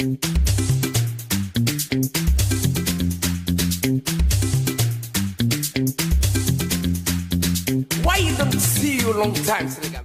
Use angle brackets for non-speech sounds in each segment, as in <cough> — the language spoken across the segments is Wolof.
Why you don't see you long time, Senegal?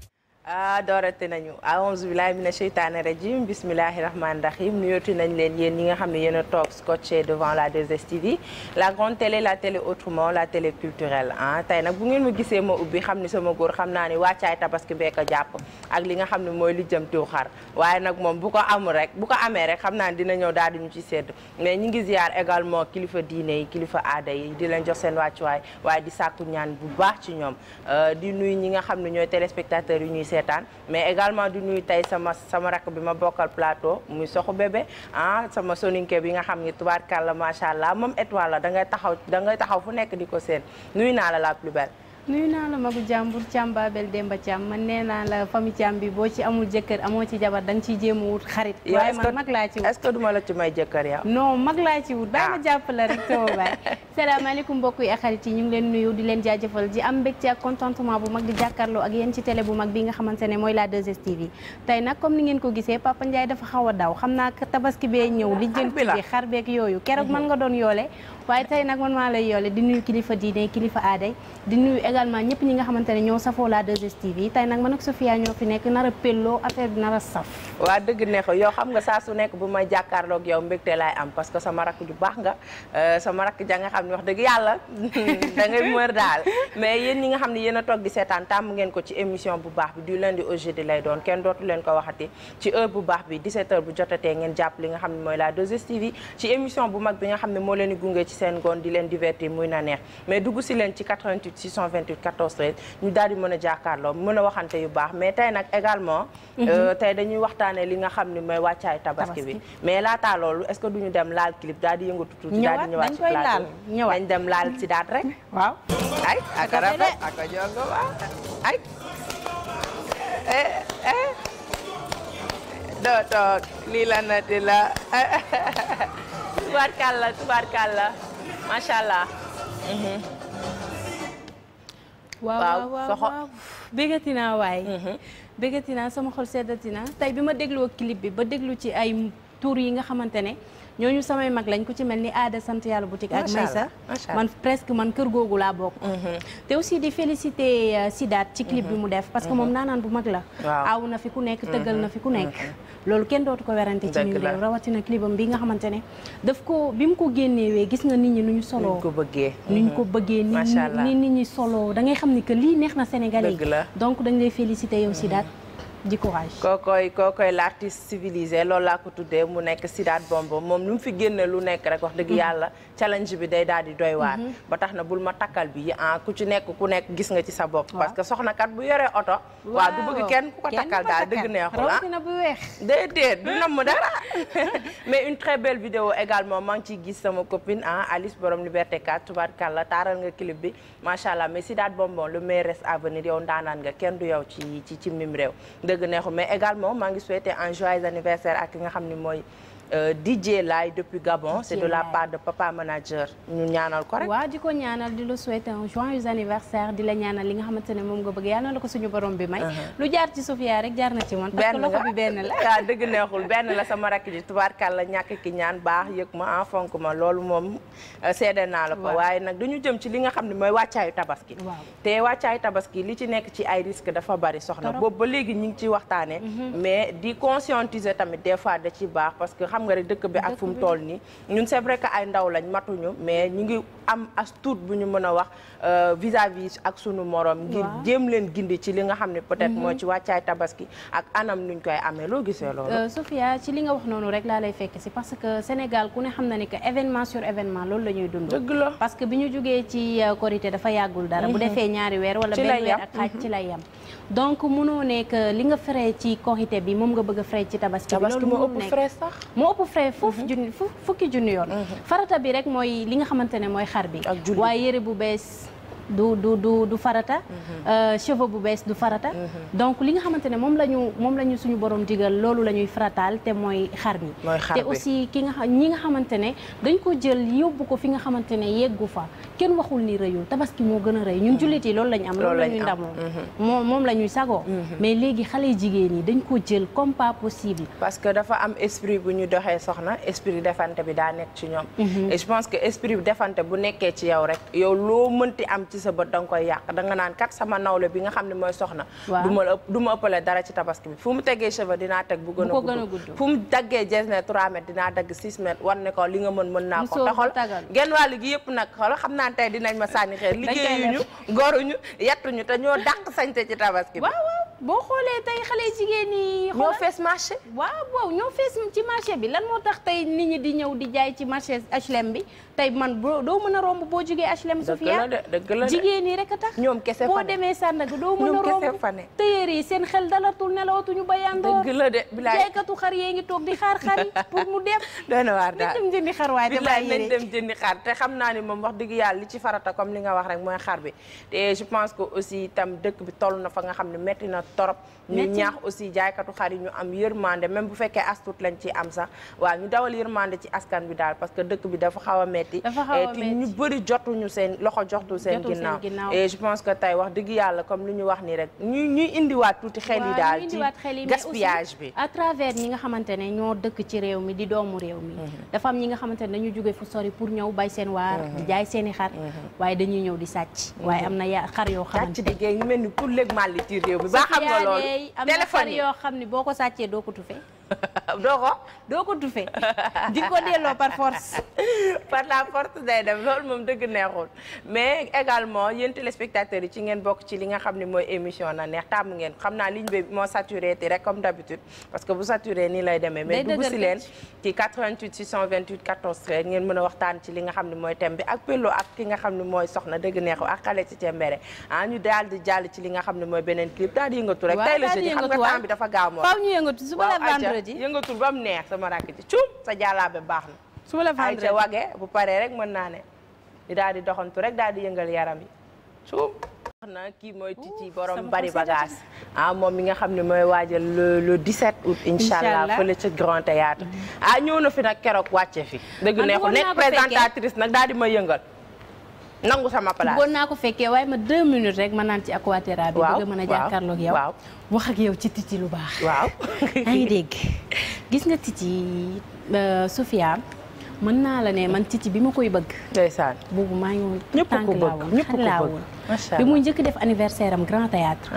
ah doorati nañu aouzu billahi mina sheytaani rajim bismillahi rahmani rahim nuyooti nañ leen yéen ñi nga xam ne yéen a toog scotché devant la 2STV la grande télé la télé autrement la télé culturelle ah. tey nag bu ngeen ma gisee ma ubbi xam ni sama góor xam naa ni wàccaay tabaski beek a jàpp ak li nga xam ne mooy li jëm tiw xar waaye nag moom bu ko amul rek bu ko amee rek xam naa ni dina ñëw daal di ñu ci sedd mais ñi ngi ziar également kilifa diine yi kilifa aada yi di leen jox seen wàccuwaay waaye di sàkku ñaan bu baax ci ñoom euh, di nuy ñi nga xam ne ñooy téléspectateurs yi ñuy seet seetaan mais également du nuyu tey sama sama rakk bi ma bokkal plateau muy soxu bébé ah sama soninke bi nga xam ni tubaarkàlla macha allah moom étoile la da ngay taxaw da ngay taxaw fu nekk di ko seen nuy naa la la plus belle nuyu naa la magu jàmbur Thiam Babel Demba Thiam man nee naa la famille Thiam bi boo ci amul jëkkër amoo ci jabar da nga ciy jéem a wut xarit. waaye man mag laa ci wut est-ce que duma la ci may jëkkër laa ci wut bàyyi ma ah. jàpp la rek sama baay. <laughs> salaamaaleykum mbokk yi ak xarit yi ñu ngi leen nuyu di leen jaajëfal ji am mbégte ak contentement bu mag di jàkkaarloo ak yéen ci télé bu mag bi nga xamante ne mooy la 2STV. tey nag comme ni ngeen ko gisee Papa Ndiaye dafa xaw a daw xam naa tabaski bee ñëw. <laughs> li jënt bi xar beeg yooyu keroog mën doon yoole waaye tey nag man maa lay yoole di nuyu kilifa diine kilifa aaday di nuyu également ñëpp ñi nga xamante ne ñoo safoo la 2STV tey nag man ak Sofia ñoo fi nekk nar a pelloo affaire bi nar saf waaw dëgg neex yow xam nga saa su nekk bu may jàkkaarloog yow mbégte laay am parce que sama rakk ju baax nga euh, sama rakk ja nga xam ne wax dëgg yàlla <laughs> da ngay mër daal mais yéen ñi nga xam ne a toog di seetaan tàmm ngeen ko ci émission bu baax bi du lundi au jeudi lay doon leen ko waxati ci heure bu baax bi 17 heures ngeen jàpp li nga xam ne mooy la 2STV bi nga xam ne moo leen di gunge ci ci seen ngoon di leen divertir muy na neex mais dugg si leen ci 88 628 14 13 ñu daal di mën a jàkkaarloo mën a waxante yu baax mais tey nag également. Mhm. Euh, tey dañuy waxtaanee li nga xam ni mooy wàccaay tabaski bi. mais laataa loolu est ce que duñu dem laal clip daal di yëngatu tuuti. daal di ñëwaat dañ dem laal si daat rek. <laughs> waaw ay ak rafet ak a jongo ay. Eh, eh. doo toog lii la na la <laughs> tubaarkàlla tubaarkàlla macha allah. Mhm. waaw waaw waaw bëggati naa waaye mhm. bëggati naa sama xol seddati naa tey bi ma dégloo clip bi ba déglu ci ay tuur yi nga xamante ne. ñooñu samay mag lañ ko ci mel ni aada sant yàlla boutique ak Maysa man presque man kër googu laa bokk mhm. te aussi di féliciter euh, Sidaat ci clip bi mhm. mu def parce que mhm. moom naanaan bu mag la aaw na fi ku nekk tëggal na fi ku nekk loolu kenn dootu ko werante ci ñun réew rawatina clipam bi nga xamante ne daf ko bi mu ko génnewee gis nga nit ñi nu ñu soloo nu ñu ko bëggee ni nit ñi soloo da ngay xam ni que lii neex na Sénégalais yi donc dañ lay féliciter yow Sidaat di courage. kookooy kookooy l' artiste civilisé loolu laa ko tuddee mu nekk Sidaat Bombo moom lu mu fi génne lu nekk rek wax dëgg mm-hmm. yàlla challenge bi day daal di doy waar. Mm-hmm. ba tax na bul ma takkal bi ah ku ci nekk ku nekk gis nga ci sa bopp. parce que soxna kat bu yoree oto. waa du bëgg kenn ku ko takkal daal dëgg neexul ah rawatina bu weex. déedéet du namm dara <laughs> <laughs> mais une très belle vidéo également maa ngi ciy gis sama copine ah Alice Borom Liberté 4 tubaarkàlla taaral nga clip bi macha allah mais Sidaat Bombo le meilleur reste nga kenn du yow ci ci réew. dëgg neexu mais également maa ngi souhaité un joyeux anniversaire ak ki nga xam mooy Euh, DJ Laye depuis Gabon c'est de la part de papa manager ñu ñaanal ko rek. waaw di ko ñaanal di la souhaiter un joyeux anniversaire di la ñaanal li nga xamante ne moom nga bëgg yàlla na ko suñu borom bi may. Uh-huh. lu jaar ci Sofia rek jaar na ci man. parce que la waaw <laughs> ah, dëgg neexul benn la sama rakk ji tubaarkàlla ñàkk ki ñaan baax ma en fonk loolu moom euh, seede naa la ko. waaye nag dañu jëm ci li nga xam ne mooy wàccaayu tabaski. te wàccaayu tabaski li ci nekk ci ay risque dafa bari soxna. boobu ba léegi ñu ngi ciy waxtaanee. Mm-hmm. mais di conscientiser tamit des xam nga rek dëkk bi ak fu mu toll nii ñun ñu ngi am as tuut bu ñu mën a wax euh, vis-à-vis ak sunu morom ngir jéem leen gindi ci li nga xam ne peut moo mhm. ci wàccaay tabaski ak anam nuñ koy amee loo gisee loolu euh, Sofia li nga wax noonu rek laa lay fekk si parce que Sénégal ku ne xam na ni que événement sur événement loolu lañuy ñuy dund dëgg la parce que bi ñu jógee ci euh, korité dafa yàggul dara bu mhm. defee ñaari weer wala benn weer ak xaaj mhm. ci lay yam donc mënoo nekk li nga frais ci korité bi moom nga bëgg a frais ci tabaski bi loolu moo ëpp frais sax moo ëpp frais foofu mhm. junni fukki junni yoon mhm. farata bi rek mooy li nga xamante ne mooy xar bi waaye yëre bu bees du du du du farata. Mhm. Euh, cheveux bu bees du farata. Mhm. donc li nga xamante ne moom la ñu moom la ñu suñu borom digal loolu la ñuy farataal te mooy xar mi. te aussi ki nga xam ñi nga xamante ne dañ ko jël yóbbu ko fi nga xamante ne yeggu fa kenn waxul ni reyu tabaski moo gën a rey ñun mhm. jullit yi loolu la am. loolu la ñu ndamoo moom moom la ñuy sagoo. mais léegi xale yi jigéen yi dañ ko jël comme pas possible. parce que dafa am esprit bu ñu doxee soxna esprit defante bi daa nekk ci ñoom. et pense que esprit defante bu nekkee ci yow rek ci sa bët da nga koy yàq da nga naan kat sama nawle bi nga xam ne mooy soxna du ma du ma ëppale dara ci tabaski bi fu mu tegee cheveux dinaa teg bu gën a gudd fu mu daggee jesne 3 mètres dinaa dagg 6 mètres war ne ko li nga mën mën naa ko taxal genn wàllu gi yëpp nag xool xam naa tey dinañ ma sànni xeer liggéeyuñu goruñu yettuñu te ñoo dàq sañte ci tabaski bi boo xoolee tey xale jigéen ñi. ñoo fees marché. waaw waaw ñoo fees ci marché bi lan moo tax tey nit ñi di ñëw di jaay ci marché HLM bi tey man boo doo mën a romb boo jógee HLM. H&M, Sofia jigéen ñi rek a tax. ñoom kese fa ne boo demee Sandaga doo mën a romb téyeer yi seen xel dalatul nelawatuñu ba yandoor. dëgg de bilaay jaaykatu xar yee ngi toog di xaar xar yi <laughs> pour mu dem. doon waar daal nañ dem jëndi xar waaye te bàyyi nañ dem jëndi xar te xam naa ni moom wax dëgg yàlla li ci farata comme li nga wax rek mooy xar bi te je pense que aussi itam dëkk bi toll na fa nga xam ne metti na torop ñu ñaax aussi jaaykatu xar yi ñu am yërmande même bu fekkee astut lañ ci am sax waaw ñu dawal yërmande ci askan bi daal parce que dëkk bi dafa xaw a metti te ñu bëri jotuñu seen loxo jotu seen ginnaaw et je pense que tey wax dëgg yàlla comme li ñu wax ni rek ñu ñuy indiwaat tuuti xel yi daal ci gaspillage bi à travers ñi nga xamante ne ñoo dëkk ci réew mi di doomu réew mi mhm. dafa am ñi nga xamante ne dañu jóge fu sori pour ñëw bay seen waar mhm. di jaay seeni xar mhm. waaye dañuy ñëw di sàcc waaye am na xar yoo xamante ne sàcc di mel ni pour léeg màlli ci xam nga loolu téléphone yi yoo xam ne boo ko sàccee doo ko tufe <laughs> doo ko doo ko tufe <laughs> di ko delloo par force. <laughs> par la force day dem loolu moom dëgg neexul mais également yéen téléspectateurs yi ci ngeen bokk ci li nga xam ne mooy émission na neex tàmm ngeen xam naa ligne bi moo saturé te rek comme d'habitude parce que bu saturé nii lay demee. mais dugg si leen ci 88 628 14 13 ngeen mën a waxtaan ci li nga xam ne mooy thème bi ak Pello ak ki nga xam ne mooy soxna dëgg neexul ak ah, ci li nga xam ne mooy beneen clip nga temps bi dafa gaaw moom. faaw ji yëngatul ba mu neex sama rakk ji cuum sa jàllaabe baax na su ma la wage bu paree rek mën naa ne di daal di doxantu rek daal di yëngal yaram yi cuum na kii mooy Titi borom bari bagage ah moom mi nga xam ne mooy waajal le 17 août incha allah fële ca Grand Théâtre mm-hmm. ah ñëw na fi nag keroog wàcce fi dëgg neexu nekk présentatrice nag daal di ma yëngal nangu sama place bon naa ko fekkee waaye ma deux minutes rek ma naan ci aquaterra bi bëgg a mën a jàkkaarloog yow wax ak yow ci titi lu baax waaw <laughs> yaa ngi dégg gis nga titi euh, Sofia mën naa la ne man titi bi ma koy bëgg ndeysaan boobu maa ngi woon ñëpp ko bëgg ñëpp ko bëgg bi muy njëkk def anniversaire am grand théâtre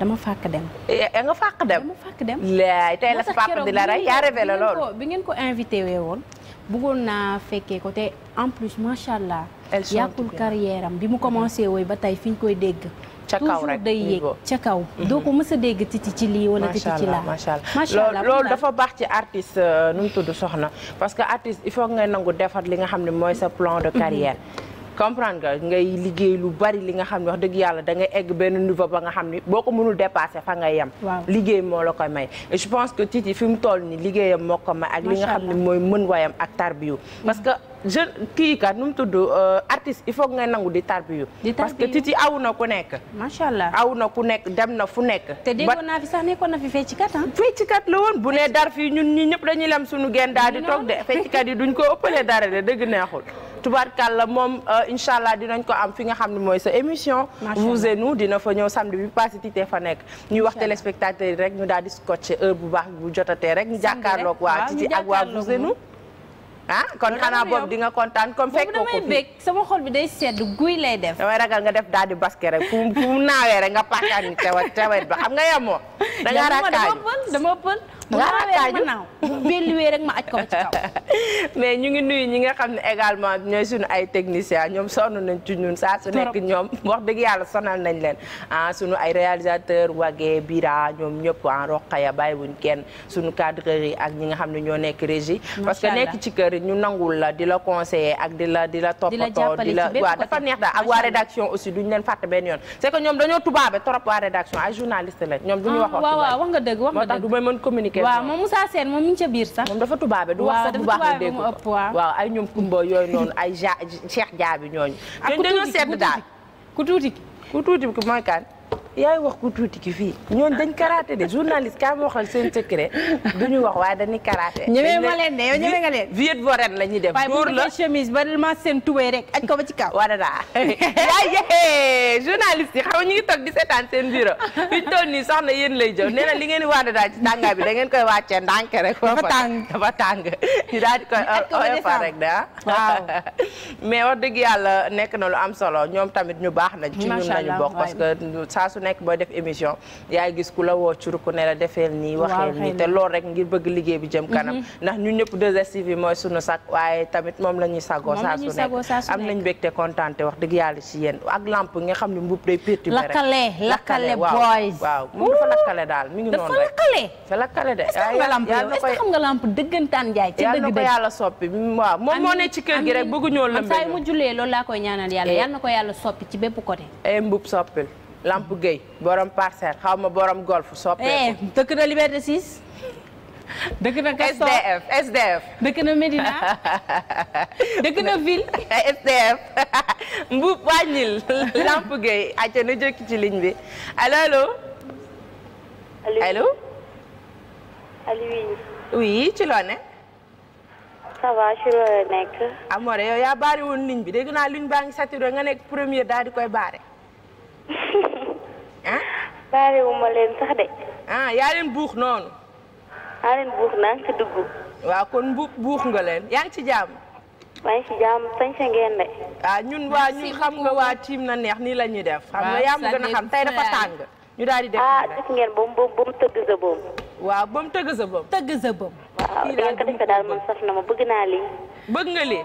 dama fàkk dem. yaa eh, eh, nga fàkk dem dama dem. laay tey la sa papa di la rey yaa révélé loolu bi ngeen ko invité wee woon. buggoon naa fekkee ko te en plus macha allah. yàqul carrière bi mu commencé wooy ba tey fi ñu koy dégg. ca kaw rek day yéeg ca kaw. Mhm. doo ko mës dégg titi ci lii wala titi ci laa. macha allah macha loolu dafa baax ci artiste euh, nu mu tudd soxna parce que artiste il faut ngay nangu defar li nga xam ne mooy sa plan de carrière. Mhm. comprendre nga ngay liggéey lu bari li nga xam ne wax dëgg yàlla da ngay egg benn niveau ba nga xam ni boo ko mënul dépasser fa ngay yem liggéey moo la ko may je pense que Titi fi mu toll ni liggéeyam moo ko may ak li nga xam ne mooy mën wayam ak tarbiyu parce que jeune kii ka nu mu tudd euh, artiste il faut ngay nangu di tarbiyu parce que Titi aw na ku nekk macha allah aw na ku nekk dem na fu nekk te déggoon naa fi sax nekkoon na fi feccikat ah feccikat la woon bu ne dar fii ñun ñi ñëpp dañuy lem suñu genn daal di duñ ko ëppalee dara de dëgg tubarkalla moom euh, incha allah dinañ ko am fi nga xam ne mooy sa émission. vous et nous dina fa ñëw samedi bi passé tiitee fa nekk. ñuy wax téléspectateur yi rek ñu daal di scotché heure bu baax bu jotatee rek. ñu jàkkaarloog waa Titi ak waa vous et nous. ah kon xanaa boobu di nga kontaan comme fekk ko fi bég sama xol bi day sedd guy lay def damay ragal nga def daal di basket rek fu mu naawee rek nga pàkkaan ni tewet ba xam nga yemoo <laughs> da nga raakaay dama dama pël mu belli wee ma aj ko ba ci kaw <laughs> mais ñu ngi nuyu ñi nga xam ne également ñooy suñu ay technicien ñoom sonn nañ ci ñun saa su nekk ñoom <laughs> wax dëgg yàlla sonal nañ leen ah suñu ay réalisateur wagee bira ñoom ñëpp en ah, roqaya bàyyi wuñ kenn suñu cadreur yi ak ñi nga xam ne ñoo nekk régie parce que nekk ci kër ñu nangul la di la conseiller ak di la di la toppatoo di la waaw dafa neex daal ak waa rédaction aussi duñ leen fàtte benn yoon c'est que ñoom dañoo tubaabe trop waa rédaction ay journaliste lañ ñoom duñu ah, wax wax nga kenn waaw moom Moussa Sène moom mi ca biir sax. moom dafa tubaabe du wax sax bu baax la dégg ko waaw ay ñoom Kumba yooyu <laughs> noonu ay ja Cheikh Jaabi ñooñu. ak ku tuuti ku tuuti dañoo seetlu daal ku tuuti mooy kan yaay wax ku tuuti ki fii ñoon dañ karaté de journaliste ka ma waxal seen secret duñu wax waaye dañuy karaté ñëwee ma leen de yow ñëwee nga leen viet voren la ñuy def dóor la chemise ba ma seen tubéy rek aj ko ba ci kaw wala daa yaay journaliste yi xam ñu ngi toog di seetaan seen bureau fiñ toll nii sax na yéen lay jëw nee na li ngeen di waada daa ci tàngaay bi da ngeen koy wàccee ndànk rek dafa tàng dafa tàng ñu daal di koy fa rek da ah. waaw <laughs> mais wax dëgg yàlla nekk na lu am solo ñoom tamit ñu baax nañ ci ñun lañu bokk parce que saa su ne nekk booy def émission yaay gis ku la woo ci ruku ne la defeel nii waxeel nii te lool rek ngir bëgg liggéey bi jëm kanam mm-hmm. ndax ñu ñëpp 2STV yi mooy sunu waaye tamit moom la ñuy sagoo saa su nekk am nañ bégte kontaante wax dëgg yàlla ci yéen ak lamp nga xam ne mbubb day perturbé rek lakkale lakkale boys waaw moom dafa lakkale daal mi ngi noonu rek dafa lakkale de xam nga lamp dëggantaan jaay ci dëgg dëgg yàlla soppi waaw moom moo ne ci kër gi rek bëggu ñoo lëmbee saa mu jullee loolu laa koy ñaanal yàlla eh. yàlla na ko yàlla soppi ci bépp côté eh, mbub soppil Lamp Gueye borom parcelle xaw ma borom golf soppee eh, dëkk na Liberté 6 <laughs> dëkk na Castor SDF SDF. dëkk na Medina <laughs> dëkk na ville. SDF <laughs> Mbu Lamp Gueye acca jëkk ci ligne bi allo allo. allo allo. ci loo ne. Amore yow yaa baari woon ligne bi dégg naa ligne baa ngi saturé nga nekk première daal di koy baare. ah. baarewuma leen sax de. ah yaa leen buux noonu. yaa leen buux naa ngi ci dugg. kon bu buux nga leen yaa ngi ci jàmm. maa ngi ci jàmm sañ sa ngeen de. ah ñun waa ñun xam nga waa tiim na neex nii la ñuy def. xam nga yaa ma gën a xam tey dafa tàng. ñu daal di def ah def ngeen ba mu ba mu tëgg sa boobu. waaw tëgg sa tëgg sa boobu. waaw dama ko defee daal man saf na ma bëgg naa lii. bëgg nga lii.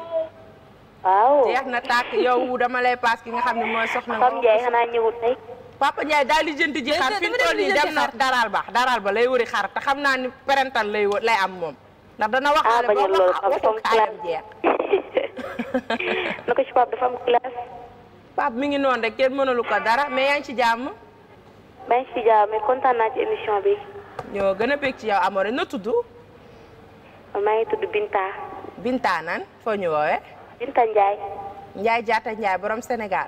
waaw jeex na tàkk yow dama lay paas ki nga xam ne mooy soxna. Papa Ndiaye xanaa ñëwut tey. Papa Ndiaye daal di jënd ji xar fi mu toll nii dem na daraal ba daraal ba lay wëri xar te xam naa ni parental lay lay am moom. ndax dana wax xale ah, boo ko waxul xaayam jeex. <laughs> na ko ci Pape dafa am classe. Pape mi ngi noonu rek kenn mënalu ko dara mais yaa ngi ci jàmm. maa ngi ci jàmm kontaan naa ci émission bi. ñoo gën a bég ci yow amoon na tudd. maa ngi tudd Binta. Binta nan foo ñu woowee. Binta Ndiaye. Ndiaye Diatta Ndiaye borom Sénégal.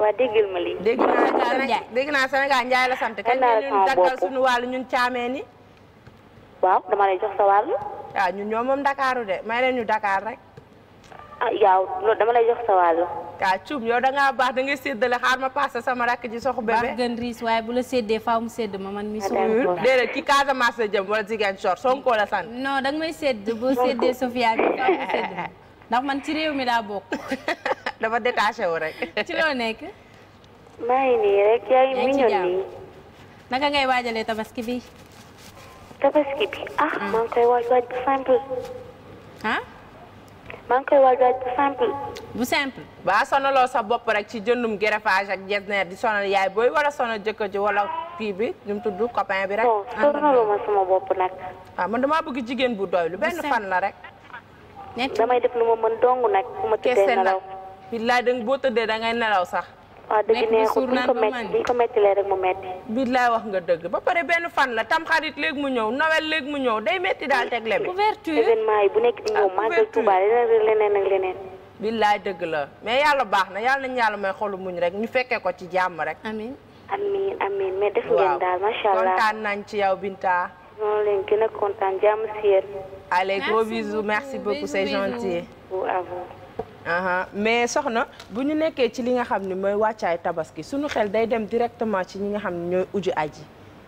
waa déggil ma lii. dégg naa dégg naa Sénégal Ndiaye la sant. kañ la ñun dakkal suñu wàll ñun caamee ni. waaw dama lay jox sa wàll. waaw ah, ñun ñoo moom Dakaru de may leen ñu Dakar rek. ah yow dama lay jox sa wàll. waaw ah, cuub yow da ngaa baax da ngay séddale xaar ma passé sama rakk ji sox bébé. baax gën riis waaye bu la séddee faaw mu sédd ma man mi ah, suñu. déedéet ci Casamance la jëm wala Ziguinchor Sonko la sant. non da nga <laughs> ndax man ci réew mi daa bokk. <laughs> dafa détaché wu rek. <laughs> ci nekk. maa ngi nii rek yaay miñoon nii. naka ngay waajalee tabaski bi. tabaski bi ah. Mm. maa ngi koy waaj waaj bu simple. bu simple. bu simple. ba sonaloo sa bopp rek ci jëndum greffage ak jesner di sonal yaay booy wala sonal jëkkër ji wala kii bi ñu mu tudd bi rek. non ah, sonaluma sama bopp nag. ah man damaa bëgg jigéen bu doy lu benn fan la rek. damay def lu ma mën dong nag bu ma tëddee nelaw. billaay danga boo tëddee dangay nelaw sax. waaw dëgg neexul bu ñu ko metti bu ñu ko mettilee rek mu metti. billaay wax nga dëgg ba pare benn fan la tam xarit léegi mu ñëw Noël léegi mu ñëw day metti daal teg lebe. couverture événement yi bu nekk di ñëw màggal Tuuba leneen leneen ak leneen. billaay dëgg la mais yàlla baax na yàlla nañu yàlla may xolu muñ rek ñu fekkee ko ci jàmm rek. amiin amiin amiin mais def ngeen daal macha allah kontaan ci yow Binta. ñoo leen gën a kontaan jàmm si yéen. allez gros bisous merci beaucoup c'est gentil. à mais soxna bu ñu nekkee ci li nga xam ni mooy wàccaay tabaski suñu xel day dem directement ci ñi nga xam ne ñooy uju aji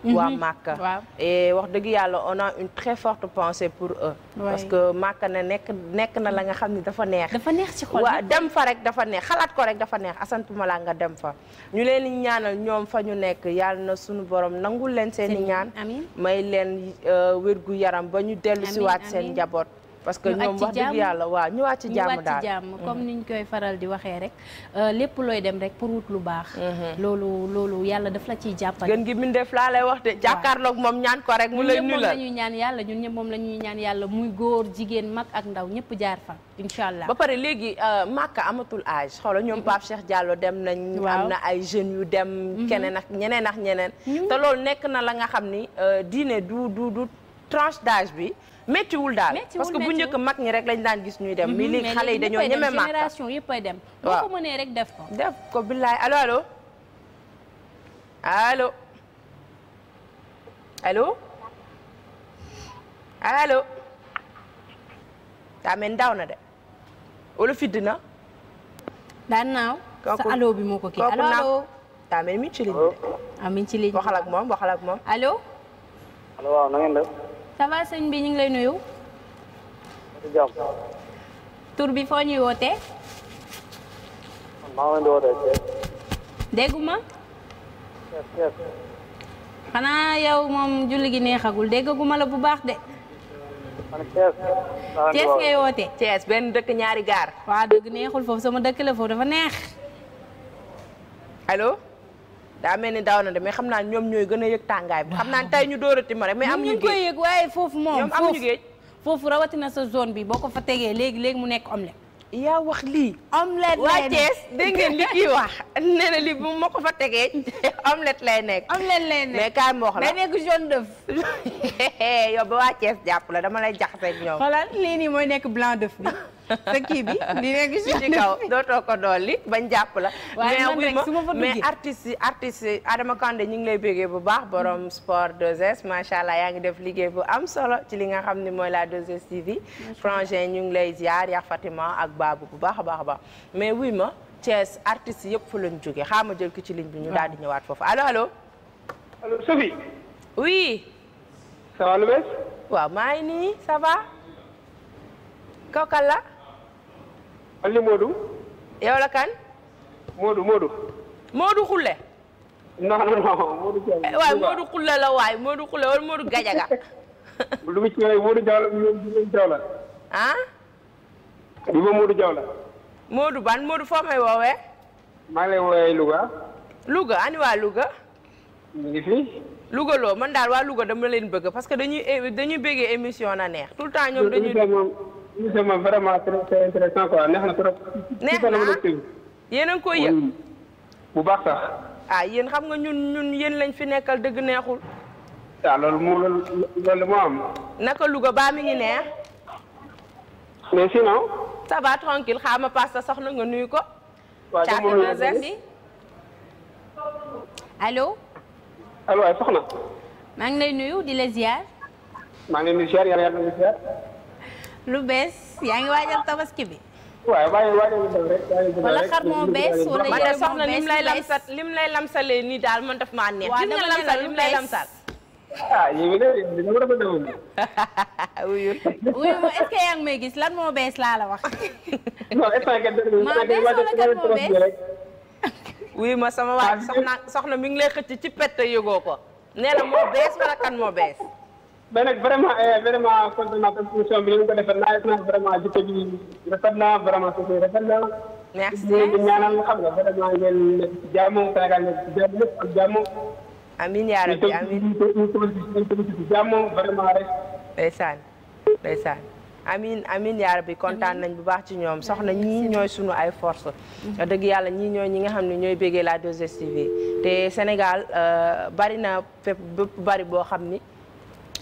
waa Màkka mhm. e wax dëgg yàlla on a une très forte pensée pour eux parce que Màkka ne nekk nekk na la nga xam ni dafa neex dafa neex ci xol waaw dem fa rek dafa neex xalaat ko rek dafa neex asantuma laa nga dem fa ñu leen di ñaanal ñoom fa ñu nekk yàlla na suñu borom nangul leen seen i ñaan may leen euh, wér gu yaram ba ñu dellu si waat seen njaboot parce que ñoom wax dëgg yàlla waaw ñëwaat ci jàmm daal jàmm comme mhm. ñu koy faral di waxee rek euh, lépp looy dem rek pour wut lu baax mhm. loolu loolu yàlla daf la ciy jàppal gën gi mbindeef laa lay wax de jàkkaarloog moom ñaan ko rek mu lay nu la ñu ñaan yàlla ñun ñëpp moom la ñuy ñaan yàlla muy góor jigéen mag ak ndaw ñëpp jaar fa incha allah ba pare léegi euh, màkka amatul âge xoola ñoom mhm. Pape Cheikh Diallo dem nañ am na ay jeunes yu dem keneen ak ñeneen ak ñeneen te loolu nekk na la nga xam ni euh, diine du du tranche d'âge bi méttiwul daal parce que bu njëkk mag ñi rek lañ daan gis ñuy dem. Mm-hmm, mais léegi xale yi dañoo ñeme génération yëpp ay dem. waaw ko mënee rek def ko. def ko billaay allo alo allo allo allo. daa de wala fidd na. daan naaw. sa allo bi moo ko kii allo allo. daa ci ligne bi de. ah moom waxal moom ça va sëñ bi ñu ngi lay nuyu. tur bi foo ñuy wootee. maa ngi dégguma. xanaa yow moom julli gi neexagul déggaguma la bu baax de. Cees ngay woote. Cees benn dëkk ñaari gaar. waaw dëgg neexul foofu sama dëkk la foofu dafa neex. allo. daa mel ni daaw na de xam naa ñoom ñooy gën a yëg tàngaay bi xam naa tey ñu dóorati ma rek mais amuñu géej waaye foofu moom ñoom amuñu foofu rawatina sa zone bi boo ko fa tegee léegi léegi mu nekk omelette yaa wax lii omelette waa Thiès dégg ngeen li kii ma ko fa tegee <laughs> omelette lay nekk omelette lay nekk mais kaay ma wax la day nekk jaune d'œuf <laughs> yow ba waa Thiès jàpp la dama lay jaxaseeg ñoom xoolal lii nii mooy nekk blanc def bi <laughs> sa kii bi di <laughs> nekk ci kaw dootoo ko dolli bañ jàpp la. mais artistes yi artistes yi Adama Kandé ñu ngi lay béggee bu baax borom sport 2S allah yaa ngi def liggéey bu am solo ci li nga xam ni mooy la 2S TV. frangin ñu ngi lay ziar yaa Fatima ak Babou bu baax a baax a baax mais wuy ma Thiès artistes yëpp fa lañ jógee xaaral ma jël ko ci liñ bi ñu daal di ñëwaat foofu allo allo. allo Sophie. oui. lu bees. waaw maa ngi nii ça va. la. Ali Modou. yow la kan. Modou Modou. waaye Modou Khoule eh, la waay Modou Khoule wala Modou Gajaga. <laughs> lu mu ci lay Modou ah. li ma Modou Diaw la. ban Modou foo may woowee. maa ngi lay woowee Louga. Louga ani waa Louga. ñu ngi fi. Louga loo man daal waa Louga dama leen bëgg parce que dañuy eh, dañuy bëggee émission na neex tout le temps ñoom dañuy. émission moom vraiment neex na trop. neex na yéen a ngi koy yëg bu baax sax. ah yéen xam nga ñun ñun yéen lañ fi nekkal dëgg neexul. ah loolu moo loolu loolu am. naka Louga baa mi ngi neex. mais sinon. ça va tranquille xaar ma paas sa nga nuyu ko. waaw jamono bi allo. allo waay soxna. maa ngi lay nuyu di la ziar. maa ngi lay nuyu ziar yàlla na ziar. lu bees yaa ngi tabaski bi. waaw waaye waaye rek wala xar moo bees wala yére lim lay lamsal lim lay nii daal man daf maa neex. waaw lay lamsal. ah yow de dina ko rafetlu yaa ngi may gis lan moo bees laa la wax. <laughs> non instant kat maa bees wala kat moo bees. wuyu ma sama waa soxna soxna mi ngi lay xëcc ci pet te yëgoo ko nee na moo bees wala kan moo bees. mais nag vraiment eh, vraiment kontaan bi ñu ko defal naa yëg naa vraiment jikko bi rafet na vraiment suuf si merci di lépp ak jàmm. amiin yaa rabbi amiin ñu ñu ñu ci jàmm kontaan nañ bu baax ci ñoom soxna ñii ñooy sunu ay force mhm. dëgg yàlla ñii ñooy ñi nga xam ne ñooy béggee la 2STV te Sénégal euh, bari na fépp bari boo xam ni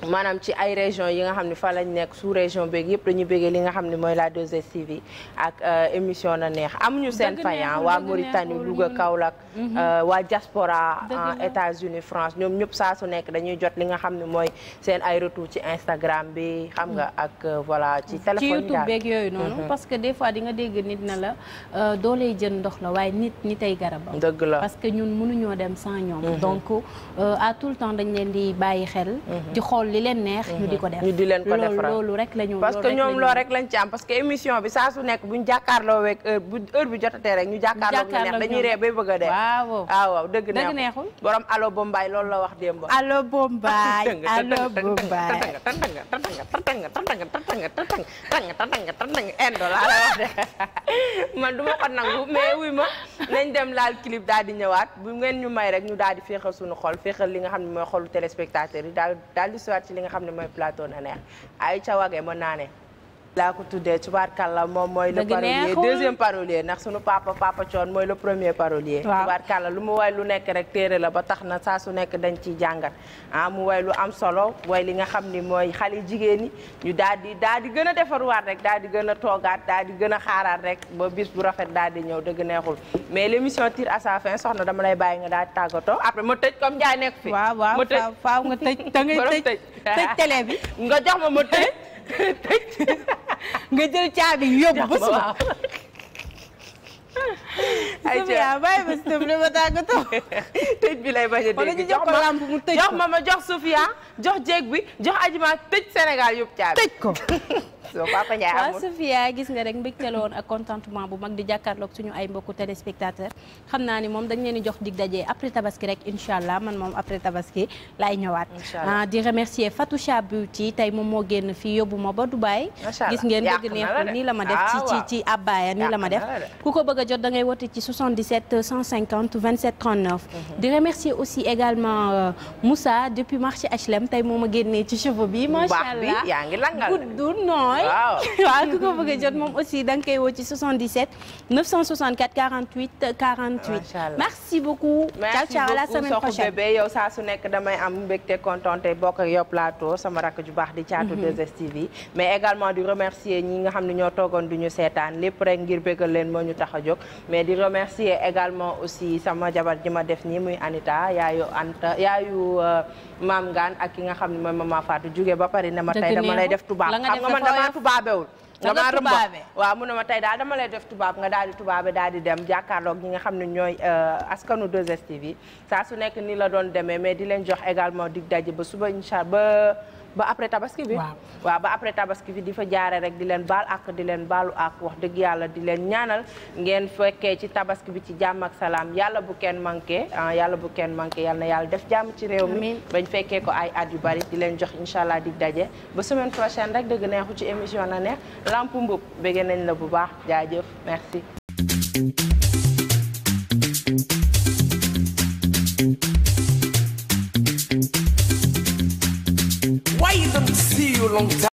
maanaam ci ay région yi nga xam ne fa lañ nekk sous région beeg yëpp dañu bëggee li nga xam ne mooy la 2STV ak euh, émission na neex ñu seen fayan waa Mauritanie Louga Kaolack mhm. euh, waa diaspora en États-Unis France ñoom ñëpp saa su nekk dañuy jot li nga xam ne mooy seen ay retour ci Instagram bi xam nga mhm. ak euh, voilà ci téléphone ci YouTube beeg yooyu noonu mhm. parce que des fois di nga dégg nit na la dooley jën ndox la waaye nit nit ay garabam dëgg la parce que ñun mënuñoo dem sans ñoom donc à tout le temps dañ leen di bàyyi xel di xool li leen neex. ñu di ko def ñu di leen ko def loolu ñu. parce que ñoom loolu rek lañ ci am parce que émission bi saa su nekk bu ñu jàkkaarloo weeg heure bu heure bi jotatee rek ñu jàkkaarloo ñu neex dañuy ree bay bëgg a dee. waaw waaw dëgg neexul borom allo Bombay loolu la wax démb. allo Bombay allo Bombay. tantanga tantanga tantanga laa la wax de man du ko nangu mais wuy ma nañ dem laal clip daal di ñëwaat bu ngeen ñu may rek ñu daal di féexal suñu xol féexal li nga xam ne mooy xolu téléspectateur yi daal daal di ñëwaat ci li nga xam ne mooy plateau na neex ay cawaage mën naa laa ko tuddee tubaarkàlla moom mooy le parolier deuxième parolier ndax sunu papa papa coon mooy le premier parolier la lu mu way lu nekk rek téere la ba tax na saa su nekk dañ ciy jàngat ah mu way lu am solo way li nga xam ni mooy xale jigéen ñi ñu daal di daal di gën a defaruwaat rek daal di gën a toogaat daal di gën a xaaraat rek ba bis bu rafet daal di ñëw dëgg neexul mais l' émission tire à fin soxna dama lay bàyyi nga daal di tàggatoo après ma tëj comme Ndiaye bi <laughs> nga jox ma <laughs> <laughs> nga jël caabi yóbbu ba suba. ayca bàyyi ba sëb li ma tàggatoo. tëj bi lay bañ a dégg jox ma lamb mu tëj jox ma jox Sofia jox jéeg wi jox Adjma tëj Sénégal yóbbu caabi tëj ko. so papa Ndiaye amul waaw Sophia gis nga rek mbégte la woon ak contentement bu mag di jàkkaarloog suñu ay mbokku téléspectateur xam naa ni moom dañ leen di jox dig daje après tabaski rek incha allah man moom après tabaski laay ñëwaat. Ah, di remercier Fatoucha Beauty tey moom moo génn fii yóbbu ma ba Dubaay. gis ngeen dëgg neexul nii la ma def. ci ah, ci ci abbaaya nii la ma def. ku ko bëgg a jot da ngay woote ci 77 150 27 39. di remercier aussi également euh, Moussa depuis marché HLM tey moom ma génnee ci cheveux bi. macha allah gudd non. <laughs> waaw ku ko bëgg jot moom aussi da nga koy woo ci 77 964 48 48 merci beaucoup ciao ciao à la semaine prochaine merci beaucoup bébé yow saa su nekk damay am mbégte te bokk ak yow plateau sama rakk ju baax di caatu 2STV mhm. mais également di remercier ñi nga xam ne ñoo toogoon du ñu seetaan lépp rek ngir bëggal leen moo ñu tax a jóg mais di remercier également aussi sama jabar ji ma def nii muy Anita yaayu Anta yaayu euh, maam Ngaan ak ki nga xam ne mooy Mama Fatou jóge ba pari ne ma tey dama lay def tubaab xam nga man dama damaa tubaabewul damaa rëbb waaw mu ne ma tey daal dama lay def tubaab nga daal di tubaabe daal di dem jàkkaarloog ñi nga xam ne ñooy euh, askanu 2STV saa su nekk nii la doon demee mais di leen jox également dig daje ba suba incha ba ba après tabaski bi waaw ba après tabaski bi di fa jaare rek di leen baal àkk di leen baalu ak wax dëgg yàlla di leen ñaanal ngeen fekkee ci tabaski bi ci jàmm ak salaam yàlla bu kenn manqué ah, yàlla bu kenn manqué yàlla na yàlla def jàmm ci réew mi bañ fekkee ko ay at yu bari di leen jox incha allah di daje ba semaine prochaine rek dëgg neexu ci émission na neex lamp mbub bëgg nañ la bu baax jaajëf merci long time.